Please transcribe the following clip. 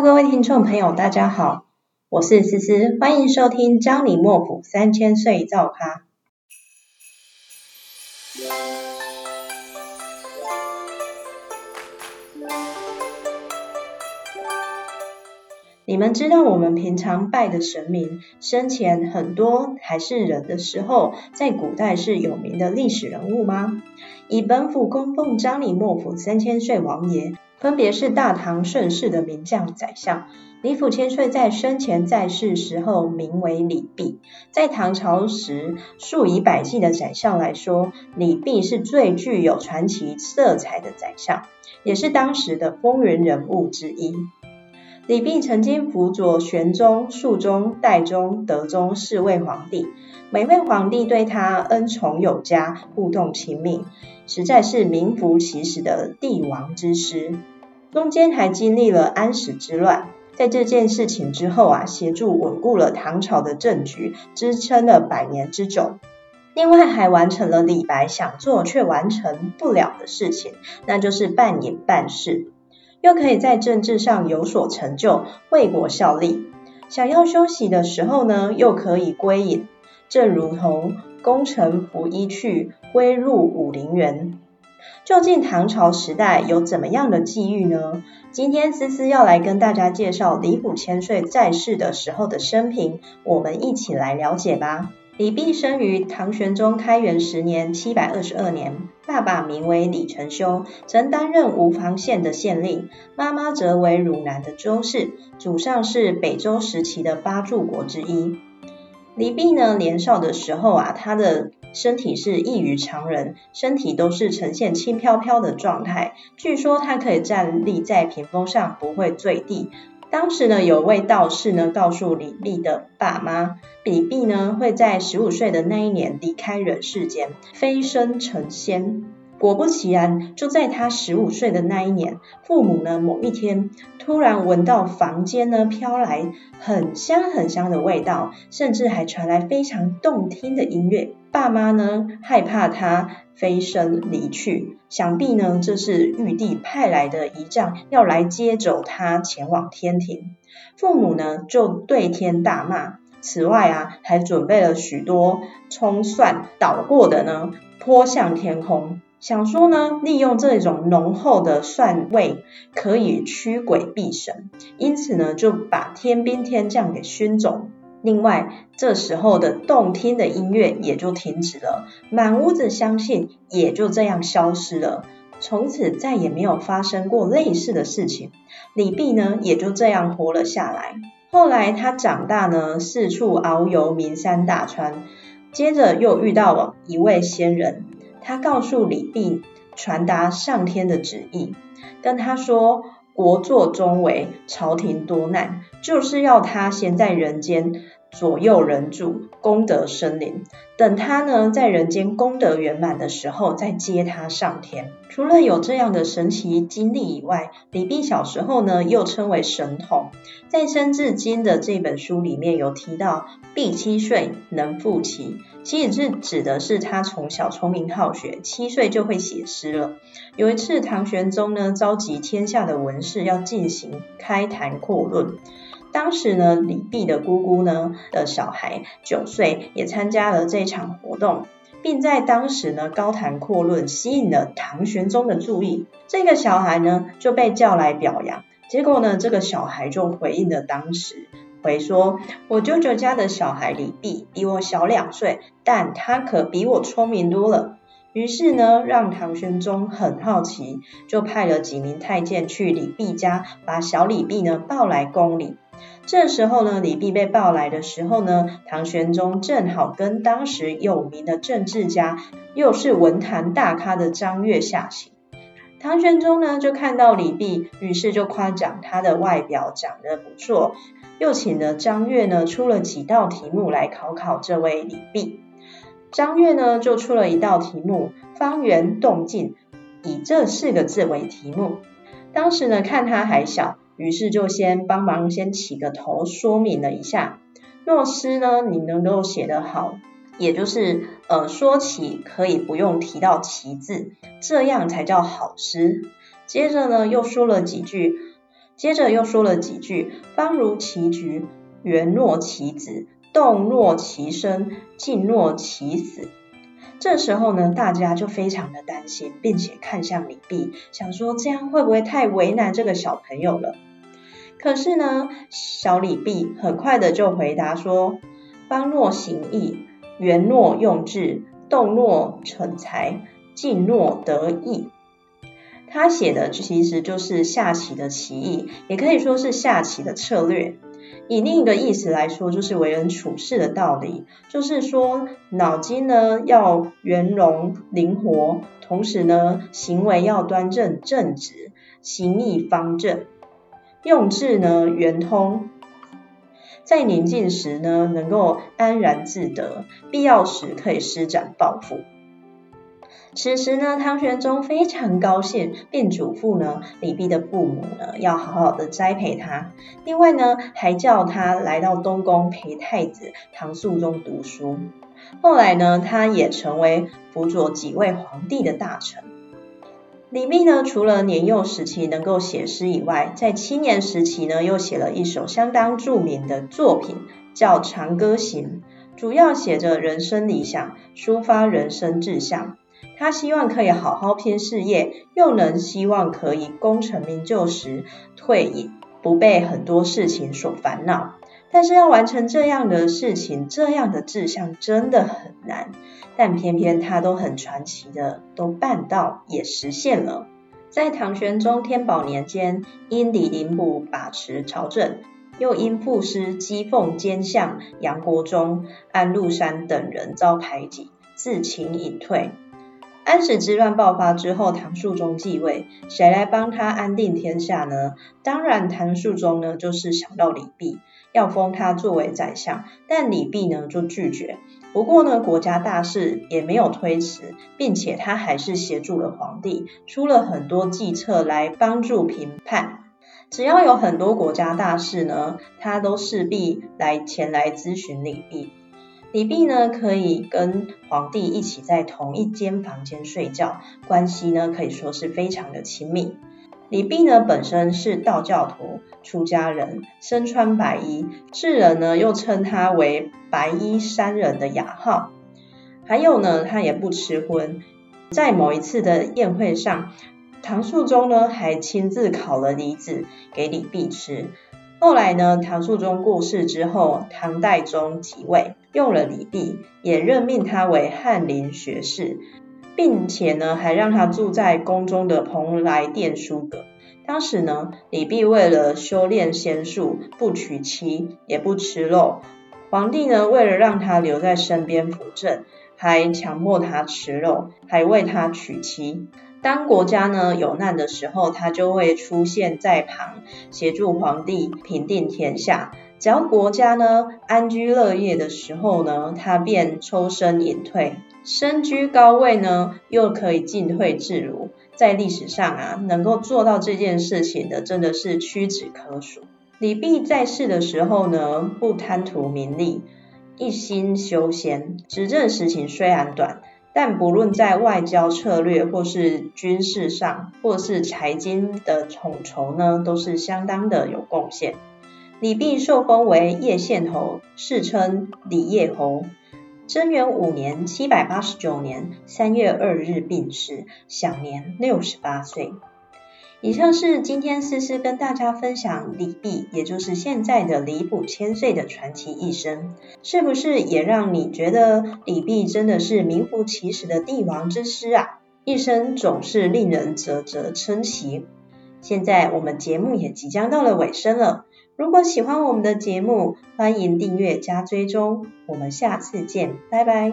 各位聽眾朋友，大家好，我是思思，歡迎收聽張李莫府三千歲造卡。你們知道我們平常拜的神明，生前很多還是人的時候，在古代是有名的歷史人物嗎？以本府供奉張李莫府三千歲王爺。分別是大唐盛世的名將、宰相李府千歲，在生前在世時候名為李泌。在唐朝時數以百計的宰相來說，李泌是最具有傳奇色彩的宰相，也是當時的風雲人物之一。李泌曾經輔佐玄宗、肅宗、代宗、德宗四位皇帝，每位皇帝對他恩寵有加，互動親密，實在是名副其實的帝王之師。中間還經歷了安史之亂，在這件事情之後啊，協助穩固了唐朝的政局，支撐了百年之久。另外，還完成了李白想做卻完成不了的事情，那就是半隱半仕。又可以在政治上有所成就，為國效力；想要休息的時候呢，又可以歸隱。正如同功成拂衣去，歸入武陵源。究竟唐朝時代有怎麼樣的際遇呢？今天思思要來跟大家介紹李府千歲在世的時候的生平，我們一起來了解吧。李泌生於唐玄宗開元十年（七百二十二年），爸爸名為李承休，曾擔任吳房縣的縣令，媽媽則為汝南的周氏，祖上是北周時期的八柱國之一。李泌呢，年少的時候啊，他的身體是異於常人，身體都是呈現輕飄飄的狀態，據說他可以站立在屏風上，不會墜地。當時呢，有位道士呢，告訴李泌的爸媽，李泌呢會在十五歲的那一年離開人世間，飛升成仙。果不其然，就在他十五歲的那一年，父母呢某一天突然聞到房間呢飄來很香很香的味道，甚至還傳來非常動聽的音樂。爸媽呢害怕他飛身離去，想必呢這是玉帝派來的儀仗要來接走他前往天庭。父母呢就對天大罵，此外啊還準備了許多蔥蒜搗過的呢潑向天空。想說呢，利用這種濃厚的蒜味可以驅鬼避神，因此呢就把天兵天將給熏走。另外，這時候的動聽的音樂也就停止了，滿屋子香氣也就這樣消失了。從此再也沒有發生過類似的事情，李泌呢也就這樣活了下來。後來他長大呢，四處遨遊名山大川，接着又遇到了一位仙人。他告訴李泌，傳達上天的旨意，跟他說國作中為朝廷多難，就是要他先在人間，左右人助，功德生靈，等他呢，在人間功德圓滿的時候，再接他上天。除了有這樣的神奇經歷以外，李泌小時候呢，又稱為神童。在《三字經的這本書裡面有提到，泌七歲能賦棋」，其實是指的是他從小聰明好學，七歲就會寫詩了。有一次，唐玄宗呢，召集天下的文士要進行開壇闊論。當時呢，李泌的姑姑呢的小孩九歲，也參加了這場活動，並在當時呢高談闊論，吸引了唐玄宗的注意。這個小孩呢就被叫來表揚。結果呢，這個小孩就回應了當時，回說：“我舅舅家的小孩李泌比我小兩歲，但他可比我聰明多了。”於是呢，讓唐玄宗很好奇，就派了幾名太監去李泌家，把小李泌呢抱來宮裡。這時候呢，李泌被抱來的時候呢，唐玄宗正好跟當時有名的政治家，又是文壇大咖的張說下棋。唐玄宗呢就看到李泌，於是就誇獎他的外表長得不錯，又請了張說呢出了幾道題目來考考這位李泌。張說呢就出了一道題目：“方圓動靜”，以這四個字為題目。當時呢看他還小。於是就先幫忙先起個頭，說明了一下。若詩呢，你能夠寫得好，也就是呃說起可以不用提到棋字，這樣才叫好詩。接着呢又說了幾句，接着又說了幾句，方如棋局，圓若棋子，動若棋身，靜若棋死。這時候呢，大家就非常的擔心，並且看向李泌，想說這樣會不會太為難這個小朋友了？可是呢，小李泌很快的就回答說：“方若行義，圓若用智，動若逞才，靜若得意。”他寫的其實就是下棋的棋藝，也可以說是下棋的策略。以另一個意思來說，就是為人處事的道理。就是說，腦筋呢要圓融靈活，同時呢行為要端正正直，行義方正。用智呢圓通，在寧靜時呢能夠安然自得，必要時可以施展抱負。此時呢，唐玄宗非常高興，便囑咐呢李泌的父母呢要好好的栽培他，另外呢還叫他來到東宮陪太子唐肅宗讀書。後來呢，他也成為輔佐幾位皇帝的大臣。李泌呢，除了年幼時期能夠寫詩以外，在青年時期呢，又寫了一首相當著名的作品，叫《長歌行》，主要寫着人生理想，抒發人生志向。他希望可以好好拼事業，又能希望可以功成名就時退隱，不被很多事情所煩惱。但是要完成這樣的事情，這樣的志向真的很難。但偏偏他都很傳奇的都辦到，也實現了。在唐玄宗天寶年間，因李林甫把持朝政，又因賦詩譏諷奸相楊國忠、安祿山等人遭排擠，自請隱退。安史之亂爆發之後，唐肅宗繼位，誰來幫他安定天下呢？當然，唐肅宗呢就是想到李泌。要封他作為宰相，但李泌呢就拒絕。不過呢，國家大事也沒有推辭，並且他還是協助了皇帝，出了很多計策來幫助平叛。只要有很多國家大事呢，他都勢必來前來諮詢李泌。李泌呢可以跟皇帝一起在同一間房間睡覺，關係呢可以說是非常的親密。李泌呢，本身是道教徒、出家人，身穿白衣。世人呢，又稱他為“白衣山人”的雅號。還有呢，他也不吃葷。在某一次的宴會上，唐肅宗呢，還親自烤了梨子給李泌吃。後來呢，唐肅宗過世之後，唐代宗即位，用了李泌，也任命他為翰林學士。並且呢，還讓他住在宮中的蓬萊殿書閣。當時呢，李泌為了修煉仙術，不娶妻，也不吃肉。皇帝呢，為了讓他留在身邊輔政，還強迫他吃肉，還為他娶妻。當國家呢，有難的時候，他就會出現在旁，協助皇帝平定天下。只要國家呢，安居樂業的時候呢，他便抽身隱退，身居高位呢又可以進退自如。在歷史上啊，能夠做到這件事情的真的是屈指可數。李泌在世的時候呢，不貪圖名利，一心修仙。執政時期雖然短，但不論在外交策略，或是軍事上，或是財經的統籌呢，都是相當的有貢獻。李泌受封為葉縣侯，世稱李葉侯。貞元五年（七百八十九年）三月二日病逝，享年六十八歲。以上是今天絲絲跟大家分享李泌，也就是現在的李府千歲的傳奇一生，是不是也讓你覺得李泌真的是名副其實的帝王之師啊？一生總是令人嘖嘖稱奇。現在我們節目也即將到了尾聲了。如果喜歡我們的節目，歡迎訂閱加追蹤。我們下次見，拜拜。